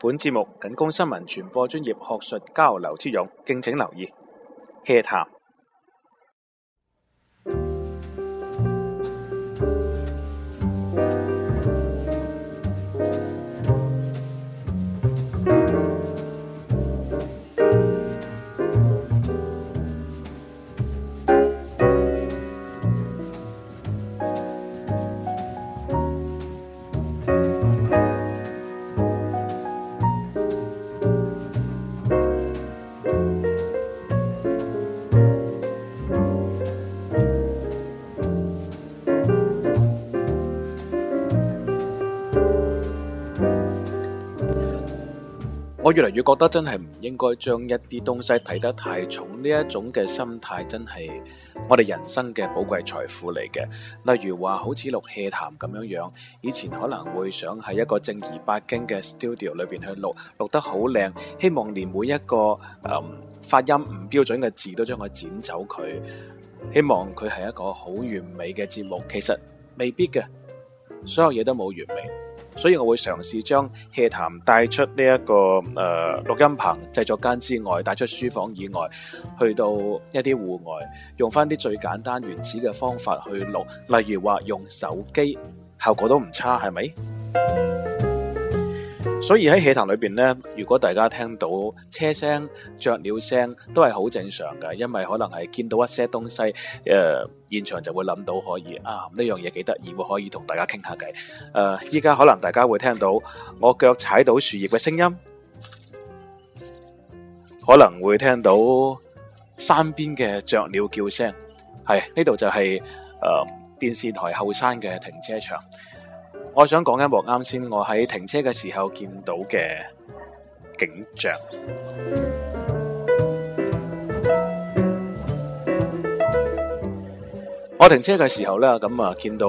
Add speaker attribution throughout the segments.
Speaker 1: 本節目僅供新聞傳播專業學術交流之用，敬請留意。我越嚟越覺得真係唔應該將一啲東西睇得太重，呢一種嘅心態真係我哋人生嘅寶貴財富嚟嘅。例如話，好似錄戲談咁樣樣，以前可能會想喺一個正兒八經嘅 studio 裏邊去錄，錄得好靚，希望連每一個誒發音唔標準嘅字都將佢剪走佢，希望佢係一個好完美嘅節目。其實未必嘅，所有嘢都冇完美。所以我會嘗試將嘢談帶出呢、這、一個誒、呃、錄音棚製作間之外，帶出書房以外，去到一啲戶外，用翻啲最簡單原始嘅方法去錄，例如話用手機，效果都唔差，係咪？所以喺戲壇裏邊呢，如果大家聽到車聲、雀鳥聲，都係好正常嘅，因為可能係見到一些東西，誒、呃，現場就會諗到可以啊，呢樣嘢幾得意，會可以同大家傾下偈。誒、呃，依家，可能大家會聽到我腳踩到樹葉嘅聲音，可能會聽到山邊嘅雀鳥叫聲。係呢度就係、是、誒、呃、電視台後山嘅停車場。我想講一幕啱先，我喺停車嘅時候見到嘅景象。我停車嘅時候呢，咁啊見到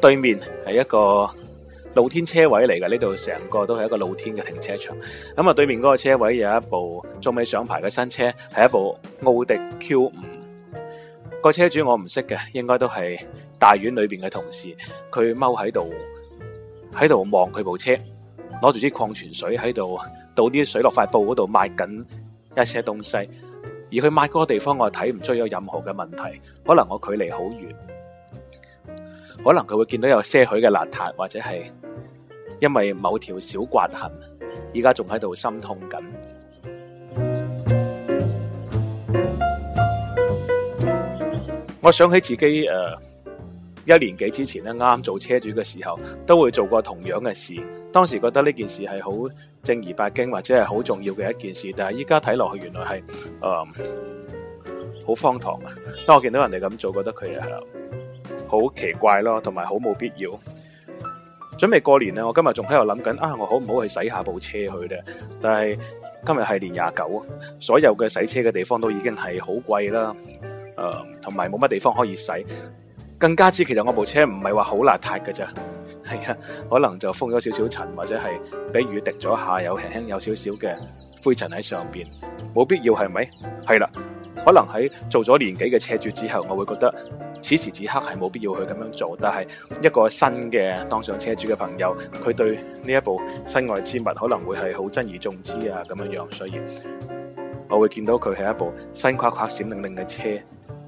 Speaker 1: 對面係一個露天車位嚟嘅。呢度成個都係一個露天嘅停車場。咁啊，對面嗰個車位有一部仲未上牌嘅新車，係一部奧迪 Q 五。個車主我唔識嘅，應該都係大院裏邊嘅同事。佢踎喺度。喺度望佢部車，攞住啲礦泉水喺度倒啲水落塊布嗰度抹緊一些東西，而佢抹嗰個地方我睇唔出有任何嘅問題，可能我距離好遠，可能佢會見到有些許嘅邋遢，或者係因為某條小刮痕，依家仲喺度心痛緊。我想起自己誒。Uh, 一年幾之前咧，啱啱做車主嘅時候，都會做過同樣嘅事。當時覺得呢件事係好正兒八經或者係好重要嘅一件事，但係依家睇落去，原來係誒好荒唐。當、嗯、我見到人哋咁做，覺得佢係好奇怪咯，同埋好冇必要。準備過年咧，我今日仲喺度諗緊啊，我好唔好去洗一下部車去咧？但係今日係年廿九，所有嘅洗車嘅地方都已經係好貴啦，誒、嗯，同埋冇乜地方可以洗。更加之，其實我部車唔係話好邋遢嘅咋，係啊，可能就封咗少少塵或者係俾雨滴咗下，有輕輕有少少嘅灰塵喺上邊，冇必要係咪？係啦，可能喺做咗年幾嘅車主之後，我會覺得此時此刻係冇必要去咁樣做。但係一個新嘅當上車主嘅朋友，佢對呢一部身外之物可能會係好珍而重之啊咁樣樣，所以我會見到佢係一部新跨跨閃靈靈嘅車。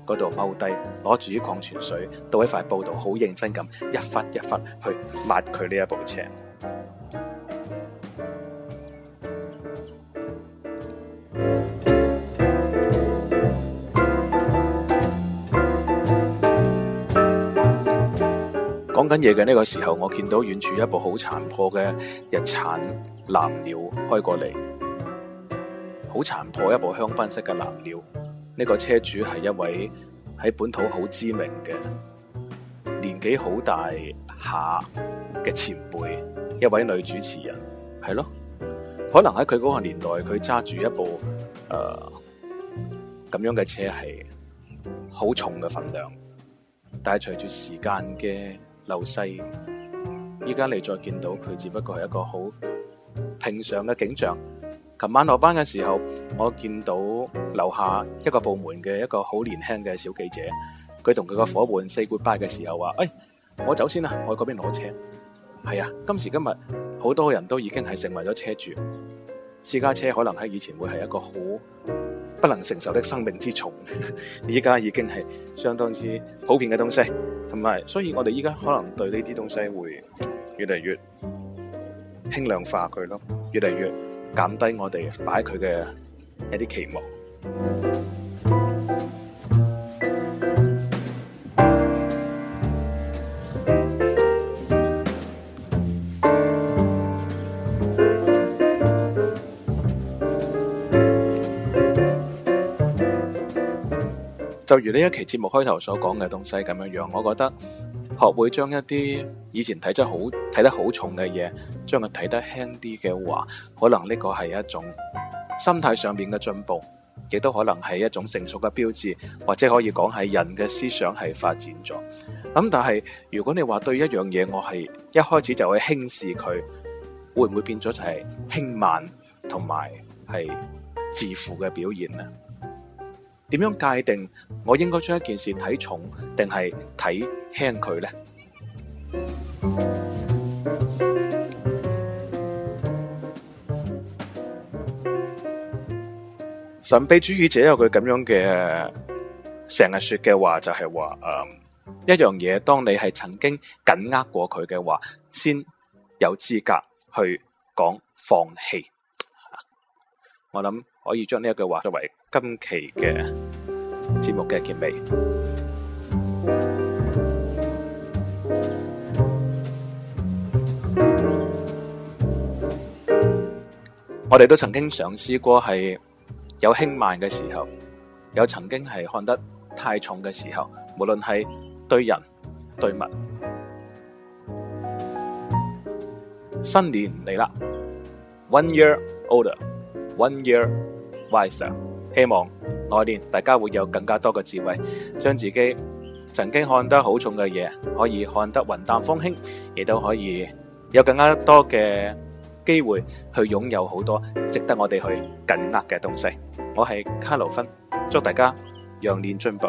Speaker 1: 嗰度踎低，攞住啲礦泉水，倒喺塊布度，好認真咁一忽一忽去抹佢呢一部車。講緊嘢嘅呢個時候，我見到遠處一部好殘破嘅日產藍鳥開過嚟，好殘破一部香檳色嘅藍鳥。呢、個車主係一位喺本土好知名嘅、年紀好大下嘅前輩，一位女主持人，係咯，可能喺佢嗰個年代，佢揸住一部誒咁樣嘅車係好重嘅份量，但係隨住時間嘅流逝，依家你再見到佢，只不過係一個好平常嘅景象。琴晚落班嘅時候，我見到樓下一個部門嘅一個好年輕嘅小記者，佢同佢個夥伴 say goodbye 嘅時候話：，哎，我走先啦，我去嗰邊攞車。係啊，今時今日好多人都已經係成為咗車主，私家車可能喺以前會係一個好不能承受的生命之重，依家已經係相當之普遍嘅東西，同埋、所以我哋依家可能對呢啲東西會越嚟越輕量化佢咯，越嚟越。減低我哋擺佢嘅一啲期望，就如呢一期節目開頭所講嘅東西咁樣樣，我覺得。學會將一啲以前睇得好睇得好重嘅嘢，將佢睇得輕啲嘅話，可能呢個係一種心態上面嘅進步，亦都可能係一種成熟嘅標誌，或者可以講係人嘅思想係發展咗。咁、嗯、但係如果你話對一樣嘢我係一開始就會輕視佢，會唔會變咗就係輕慢同埋係自負嘅表現呢？點樣界定我應該將一件事睇重定係睇輕佢呢？神秘主義者有句咁樣嘅成日說嘅話就說，就係話，誒，一樣嘢，當你係曾經緊握過佢嘅話，先有資格去講放棄。我諗可以將呢一句話作為今期嘅節目嘅結尾，我哋都曾經嘗試過係有輕慢嘅時候，有曾經係看得太重嘅時候，無論係對人對物。新年嚟啦，One year older，One year wiser。希望來年大家會有更加多嘅智慧，將自己曾經看得好重嘅嘢，可以看得雲淡風輕，亦都可以有更加多嘅機會去擁有好多值得我哋去緊握嘅東西。我係卡羅芬，祝大家羊年進步。